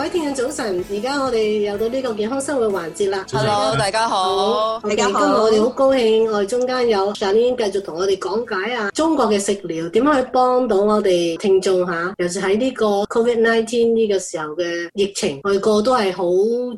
海天嘅早晨，而家我哋又到呢個健康生活環節啦。Hello，大家好，okay, 大家好。我哋好高興，我哋中間有上天繼續同我哋講解啊，中國嘅食療點樣去幫到我哋聽眾吓。尤其喺呢個 Covid nineteen 呢個時候嘅疫情，我哋都係好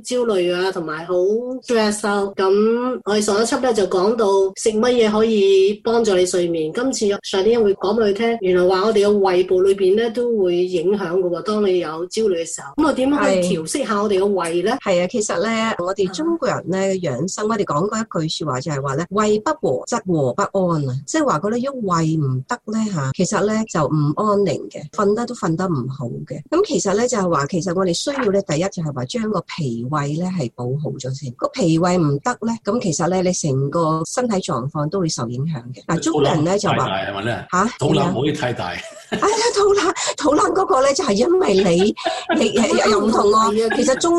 焦慮啊，同埋好 stress 咁我哋上一輯咧就講到食乜嘢可以幫助你睡眠。今次上天會講俾佢聽，原來話我哋嘅胃部裏邊咧都會影響嘅喎。當你有焦慮嘅時候，咁我點？調適下我哋個胃咧，係啊，其實咧我哋中國人咧養生，我哋講過一句說話就係話咧，胃不和則和不安啊，即係話嗰啲郁胃唔得咧吓，其實咧就唔安寧嘅，瞓得都瞓得唔好嘅。咁其實咧就係話，其實我哋需要咧，第一就係話將個脾胃咧係補好咗先。個脾胃唔得咧，咁其實咧你成個身體狀況都會受影響嘅。嗱，中國人咧就話吓，肚腩唔可以太大。哎呀，肚腩肚腩嗰個咧就係因為你你又。唔同啊。其實中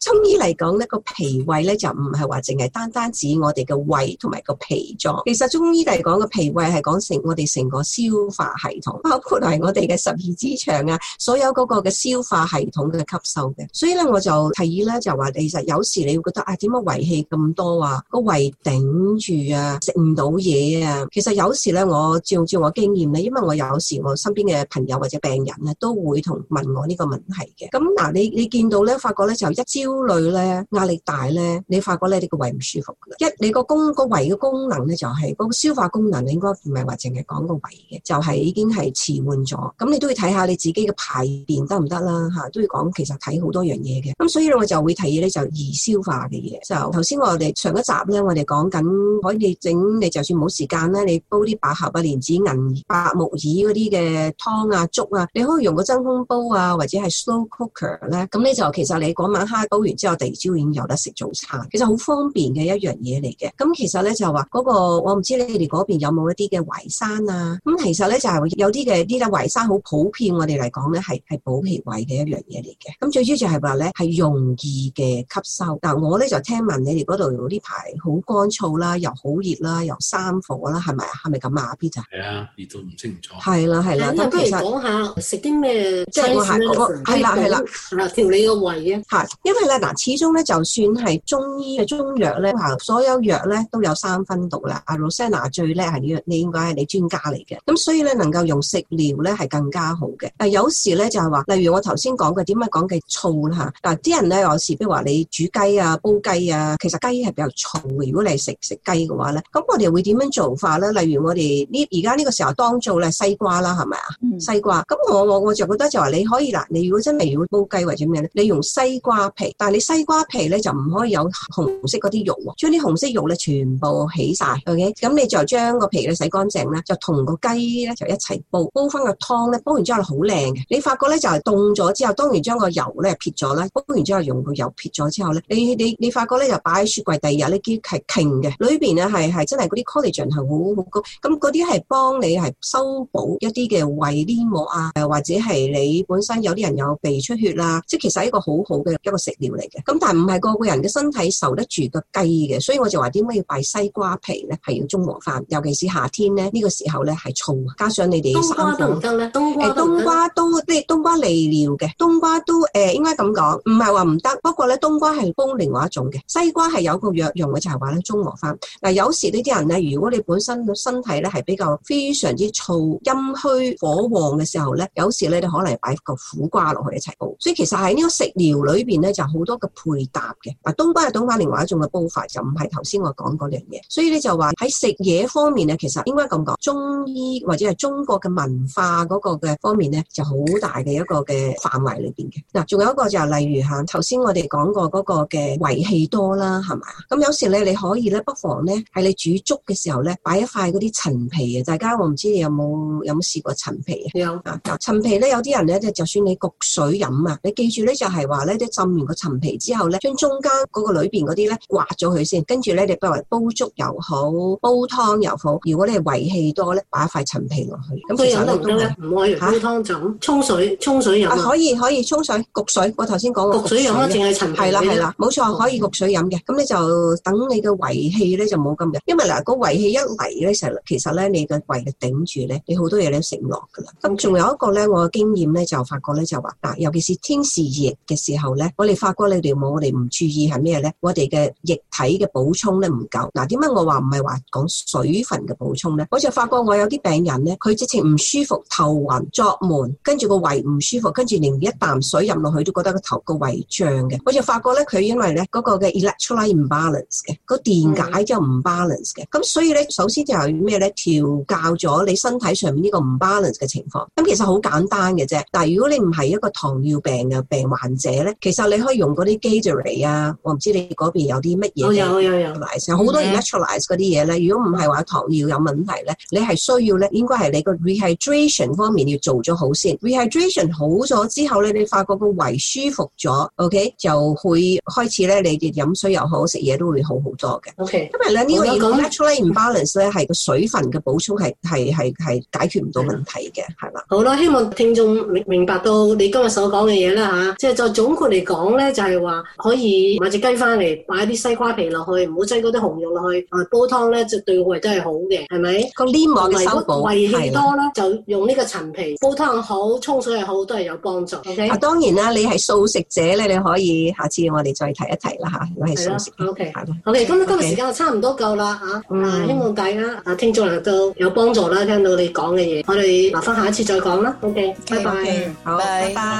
中醫嚟講咧個脾胃咧就唔係話淨係單單指我哋嘅胃同埋個脾臟，其實中醫嚟講嘅脾胃係講成我哋成個消化系統，包括係我哋嘅十二指腸啊，所有嗰個嘅消化系統嘅吸收嘅。所以咧，我就提議咧就話，其實有時你會覺得啊，點解胃氣咁多啊，個胃頂住啊，食唔到嘢啊。其實有時咧，我照照我經驗咧，因為我有時我身邊嘅朋友或者病人咧都會同問我呢個問題。咁嗱，你你見到咧，發覺咧就一焦慮咧，壓力大咧，你發覺咧你個胃唔舒服嘅。一你個功個胃嘅功能咧、就是，就係嗰個消化功能，你應該唔係話淨係講個胃嘅，就係、是、已經係遲緩咗。咁你都要睇下你自己嘅排便得唔得啦嚇，都要講其實睇好多樣嘢嘅。咁所以我就會提議咧，就易消化嘅嘢。就頭先我哋上一集咧，我哋講緊可以整，你就算冇時間咧，你煲啲百合啊、蓮子銀白木耳嗰啲嘅湯啊、粥啊，你可以用個真空煲啊，或者係。cooker 咧，咁你就其實你嗰晚哈煲完之後，第二朝已經有得食早餐，其實好方便嘅一樣嘢嚟嘅。咁其實咧就話嗰、嗰個，我唔知你哋嗰邊有冇一啲嘅淮山啊？咁其實咧就係有啲嘅呢啲咧淮山好普遍，我，我哋嚟講咧係係補脾胃嘅一樣嘢嚟嘅。咁最主要就係話咧係容易嘅吸收。嗱，我咧就聽聞你哋嗰度呢排好乾燥啦，又好熱啦，又生火啦，係咪係咪咁啊？B 仔係啊，熱到唔清楚。係啦係啦，咁不如講下食啲咩，即係我係係啦，嗱，調理個胃啊！嚇，因為咧，嗱，始終咧，就算係中醫嘅中藥咧，嚇，所有藥咧都有三分毒啦。阿羅莎娜最叻係呢樣，你應該係你的專家嚟嘅。咁所以咧，能夠用食療咧係更加好嘅。嗱、啊，有時咧就係、是、話，例如我頭先講嘅點解講嘅燥啦嗱，啲、啊、人咧話，有時譬如話你煮雞啊、煲雞啊，其實雞係比較燥嘅。如果你係食食雞嘅話咧，咁我哋會點樣做法咧？例如我哋呢，而家呢個時候當做咧西瓜啦，係咪啊？西瓜。咁我我我就覺得就話你可以嗱，你如果真～皮煲雞或者咩咧？你用西瓜皮，但係你西瓜皮咧就唔可以有紅色嗰啲肉喎，將啲紅色肉咧全部起晒 OK，咁你就將個皮咧洗乾淨啦，就同個雞咧就一齊煲，煲翻個湯咧，煲完之後好靚嘅。你發覺咧就係凍咗之後，當然將個油咧撇咗啦，煲完之後用個油撇咗之後咧，你你你發覺咧就擺喺雪櫃，第二日呢，啲係擎嘅，裏邊啊係係真係嗰啲 collagen 係好好高，咁嗰啲係幫你係修補一啲嘅胃黏膜啊，或者係你本身有啲人有病鼻出血啦，即係其實係一個很好好嘅一個食料嚟嘅。咁但係唔係個個人嘅身體受得住個雞嘅，所以我就話點解要擺西瓜皮咧？係要中和翻，尤其是夏天咧呢、呢個時候咧係燥，加上你哋冬瓜都唔得咧，冬瓜都冬瓜都即係冬瓜利尿嘅，冬瓜都誒、呃、應該咁講，唔係話唔得。不過咧，冬瓜係煲另外一種嘅，西瓜係有個藥用嘅，就係話咧中和翻嗱、呃。有時呢啲人咧，如果你本身嘅身體咧係比較非常之燥、陰虛火旺嘅時候咧，有時咧你可能擺個苦瓜落去。齊補，所以其實喺呢個食療裏邊咧，就好、是、多嘅配搭嘅。嗱，東北嘅東北寧話一種嘅煲法，就唔係頭先我講嗰樣嘢。所以咧就話喺食嘢方面咧，其實應該咁講，中醫或者係中國嘅文化嗰個嘅方面咧，就好、是、大嘅一個嘅範圍裏邊嘅。嗱，仲有一個就是例如吓，頭先我哋講過嗰個嘅胃氣多啦，係嘛？咁有時咧，你可以咧，不妨咧喺你煮粥嘅時候咧，擺一塊嗰啲陳皮嘅。大家我唔知道你有冇有冇試過陳皮啊？有，有陳。陳、嗯、皮咧，有啲人咧，即係就算你焗水。水飲啊！你記住咧，就係話咧啲浸完個陳皮之後咧，將中間嗰個裏邊嗰啲咧刮咗佢先，跟住咧你不為煲粥又好，煲湯又好。如果你係胃氣多咧，擺塊陳皮落去。咁佢有冇唔可以煲湯、啊、就沖水，沖水又、啊啊、可以可以沖水焗水。我頭先講焗水飲咯，淨係陳皮。係啦，係啦，冇錯、嗯、可以焗水飲嘅。咁你就等你嘅胃氣咧就冇咁嘅，因為嗱個胃氣一嚟咧，其實咧你個胃啊頂住咧，你好多嘢都食唔落噶啦。咁、okay. 仲有一個咧，我嘅經驗咧就發覺咧就話、是。尤其是天時熱嘅時候咧，我哋發覺你哋冇我哋唔注意係咩咧？我哋嘅液體嘅補充咧唔夠。嗱點解我話唔係話講水分嘅補充咧？我就發覺我有啲病人咧，佢直情唔舒服、頭暈、作悶，跟住個胃唔舒服，跟住連一啖水飲落去都覺得個頭個胃脹嘅。我就發覺咧佢因為咧嗰個嘅 electrolyte 唔 balance 嘅，個、嗯、電解就唔 balance 嘅。咁所以咧，首先就係咩咧？調教咗你身體上面呢個唔 balance 嘅情況。咁其實好簡單嘅啫。但係如果你唔係一個。糖尿病嘅病患者咧，其實你可以用嗰啲 Gatorade 啊，我唔知你嗰邊有啲乜嘢。有有有。好多 electrolyte 嗰啲嘢咧，如果唔係話糖尿有問題咧，你係需要咧，應該係你個 rehydration 方面要做咗好先。rehydration 好咗之後咧，你發覺個胃舒服咗，OK 就會開始咧，你嘅飲水又好，食嘢都會好好多嘅。OK。因為咧呢、這個 electrolyte imbalance 咧係個水分嘅補充係係係係解決唔到問題嘅，係嘛？好啦，希望聽眾明明白到你今日。所講嘅嘢啦吓，即係就總括嚟講咧，就係話可以買隻雞翻嚟，擺啲西瓜皮落去，唔好擠嗰啲紅肉落去，啊煲湯咧，對胃都係好嘅，係咪？個黏膜嘅修補係啦，就用呢個陳皮煲湯好，沖水又好，都係有幫助。OK，啊當然啦，你係素食者咧，你可以下次我哋再提一提啦吓。係啦，O K，係啦，O K，今日今日時間就差唔多夠啦吓，希望大家啊聽咗都有幫助啦，聽到你講嘅嘢，我哋留翻下一次再講啦。O K，拜拜，okay，好，拜拜。Bye. Bye bye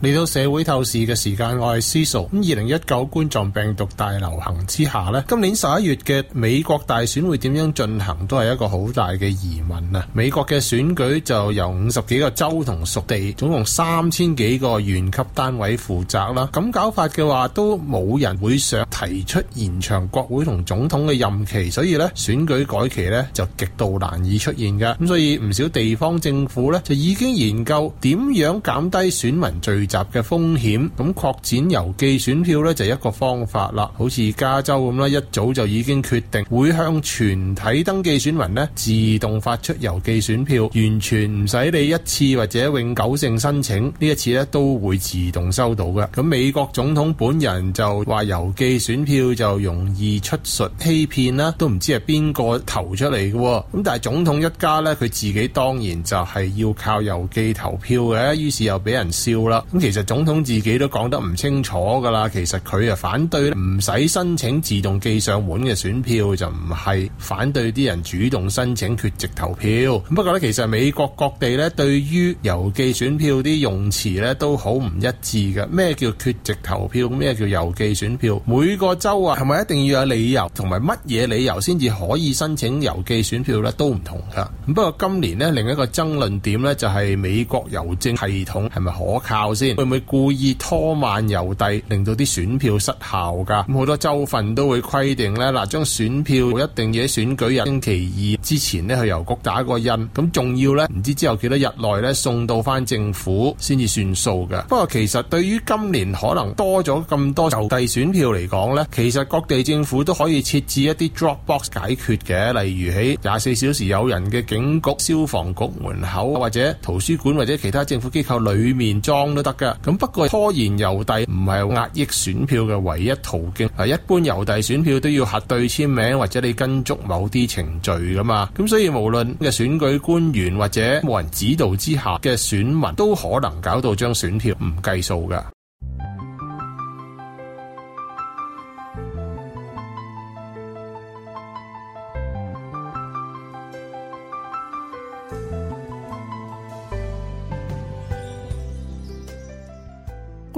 嚟到社會透視嘅時間，我係思嫂。咁二零一九冠狀病毒大流行之下咧，今年十一月嘅美國大選會點樣進行都係一個好大嘅疑問啊！美國嘅選舉就由五十幾個州同屬地，總共三千幾個縣級單位負責啦。咁搞法嘅話，都冇人會想提出延長國會同總統嘅任期，所以咧選舉改期咧就極度難以出現噶。咁所以唔少地方政府呢，就已經研究點樣減低選民聚。集嘅風險，咁擴展郵寄選票呢，就一個方法啦。好似加州咁啦，一早就已經決定會向全體登記選民呢自動發出郵寄選票，完全唔使你一次或者永久性申請。呢一次呢都會自動收到嘅。咁美國總統本人就話郵寄選票就容易出術欺騙啦，都唔知係邊個投出嚟嘅。咁但係總統一家呢，佢自己當然就係要靠郵寄投票嘅，於是又俾人笑啦。其實總統自己都講得唔清楚噶啦，其實佢啊反對唔使申請自動寄上門嘅選票就，就唔係反對啲人主動申請缺席投票。咁不過呢，其實美國各地呢對於郵寄選票啲用詞呢都好唔一致㗎。咩叫缺席投票？咩叫郵寄選票？每個州啊係咪一定要有理由，同埋乜嘢理由先至可以申請郵寄選票呢？都唔同噶。咁不過今年呢，另一個爭論點呢，就係美國郵政系統係咪可靠先？會唔會故意拖慢郵遞，令到啲選票失效噶？咁好多州份都會規定咧，嗱，將選票一定要喺選舉日星期二之前咧去郵局打個印。咁仲要咧，唔知之後幾多日內咧送到翻政府先至算數嘅。不過其實對於今年可能多咗咁多郵遞，遞選票嚟講咧，其實各地政府都可以設置一啲 dropbox 解決嘅，例如喺廿四小時有人嘅警局、消防局門口，或者圖書館或者其他政府機構裏面裝都得。咁不過拖延郵遞唔係壓抑選票嘅唯一途徑。一般郵遞選票都要核對簽名，或者你跟足某啲程序噶嘛，咁所以無論嘅選舉官員或者冇人指導之下嘅選民都可能搞到張選票唔計數㗎。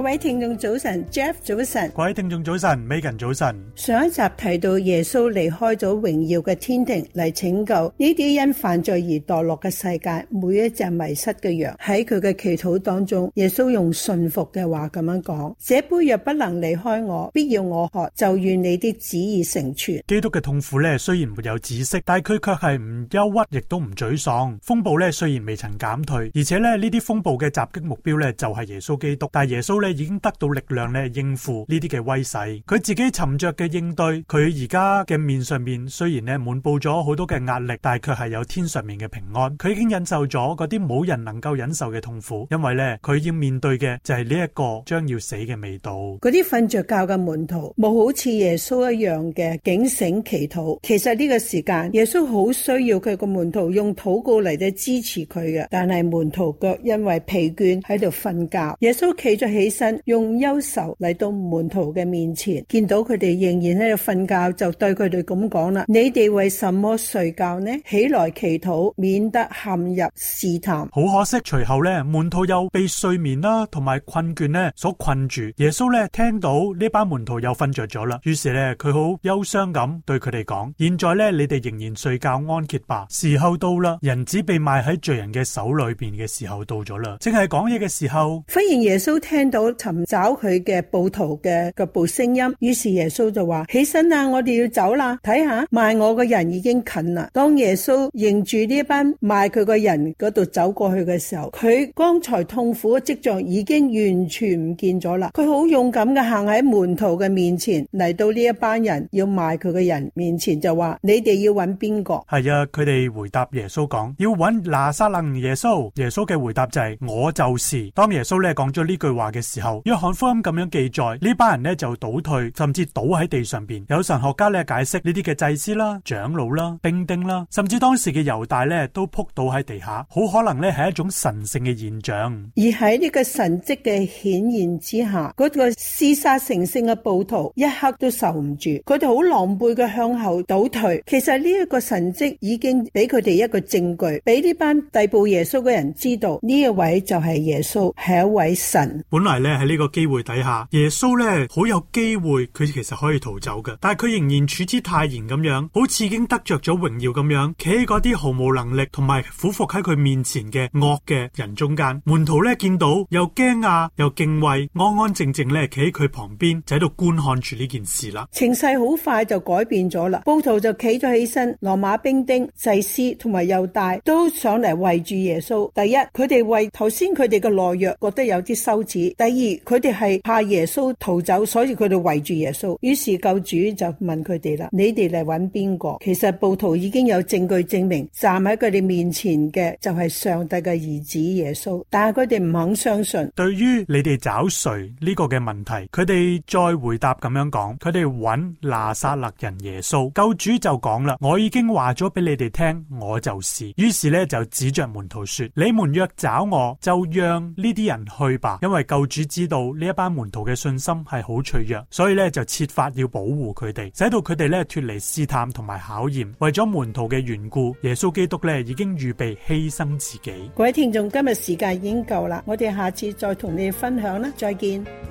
各位聽眾早晨，Jeff 早晨，各位聽眾早晨，Megan 早晨。上一集提到耶穌離開咗榮耀嘅天庭嚟拯救呢啲因犯罪而墮落嘅世界，每一隻迷失嘅羊。喺佢嘅祈禱當中，耶穌用信服嘅話咁樣講：這杯若不能離開我，必要我喝，就願你的旨意成全。基督嘅痛苦咧，雖然沒有知識，但佢卻係唔憂鬱，亦都唔沮喪。風暴咧雖然未曾減退，而且咧呢啲風暴嘅襲擊目標咧就係耶穌基督，但係耶穌咧。已經得到力量咧應付呢啲嘅威勢，佢自己沉着嘅應對，佢而家嘅面上面雖然咧滿布咗好多嘅壓力，但係卻係有天上面嘅平安。佢已經忍受咗嗰啲冇人能夠忍受嘅痛苦，因為咧佢要面對嘅就係呢一個將要死嘅味道。嗰啲瞓着覺嘅門徒冇好似耶穌一樣嘅警醒祈禱，其實呢個時間耶穌好需要佢個門徒用禱告嚟嘅支持佢嘅，但係門徒卻因為疲倦喺度瞓覺，耶穌企咗起用憂愁嚟到門徒嘅面前，見到佢哋仍然喺度瞓覺，就對佢哋咁講啦：你哋為什麼睡覺呢？起來祈禱，免得陷入試探。好可惜，隨後呢門徒又被睡眠啦同埋困倦呢所困住。耶穌咧聽到呢班門徒又瞓着咗啦，於是咧佢好憂傷咁對佢哋講：現在咧你哋仍然睡覺安歇吧，時候到啦，人子被賣喺罪人嘅手裏邊嘅時候到咗啦。正係講嘢嘅時候，忽然耶穌聽到。尋找佢嘅暴徒嘅腳步聲音，於是耶穌就話：起身啦，我哋要走啦。睇下賣我嘅人已經近啦。當耶穌迎住呢一班賣佢嘅人嗰度走過去嘅時候，佢剛才痛苦嘅跡象已經完全唔見咗啦。佢好勇敢嘅行喺門徒嘅面前，嚟到呢一班人要賣佢嘅人面前就話：你哋要揾邊個？係啊，佢哋回答耶穌講：要揾拿撒勒耶穌。耶穌嘅回答就係、是：我就是。當耶穌咧講咗呢句話嘅時候，後約翰福音咁樣記載，呢班人呢就倒退，甚至倒喺地上邊。有神學家咧解釋呢啲嘅祭司啦、長老啦、兵丁啦，甚至當時嘅猶大咧都撲倒喺地下，好可能咧係一種神聖嘅現象。而喺呢個神跡嘅顯現之下，嗰、那個廝殺成性嘅暴徒一刻都受唔住，佢哋好狼狽嘅向後倒退。其實呢一個神跡已經俾佢哋一個證據，俾呢班逮捕耶穌嘅人知道呢一位就係耶穌，係一位神。本來咧。喺呢個機會底下，耶穌咧好有機會，佢其實可以逃走嘅，但係佢仍然處之泰然咁樣，好似已經得着咗榮耀咁樣，企喺嗰啲毫無能力同埋俯伏喺佢面前嘅惡嘅人中間。門徒咧見到又驚訝，又敬畏，安安靜靜咧企喺佢旁邊，就喺度觀看住呢件事啦。情勢好快就改變咗啦，暴徒就企咗起身，羅馬兵丁、祭司同埋猶大都上嚟圍住耶穌。第一，佢哋為頭先佢哋嘅懦弱覺得有啲羞恥。二佢哋係怕耶穌逃走，所以佢哋圍住耶穌。於是救主就問佢哋啦：你哋嚟搵邊個？其實暴徒已經有證據證明站喺佢哋面前嘅就係上帝嘅兒子耶穌，但係佢哋唔肯相信。對於你哋找誰呢個嘅問題，佢哋再回答咁樣講：佢哋搵拿撒勒人耶穌。救主就講啦：我已經話咗俾你哋聽，我就是。於是咧就指着門徒說：你們若找我，就讓呢啲人去吧，因為救主。只知道呢一班門徒嘅信心係好脆弱，所以咧就設法要保護佢哋，使到佢哋咧脫離試探同埋考驗。為咗門徒嘅緣故，耶穌基督咧已經預備犧牲自己。各位聽眾，今日時間已經夠啦，我哋下次再同你分享啦，再見。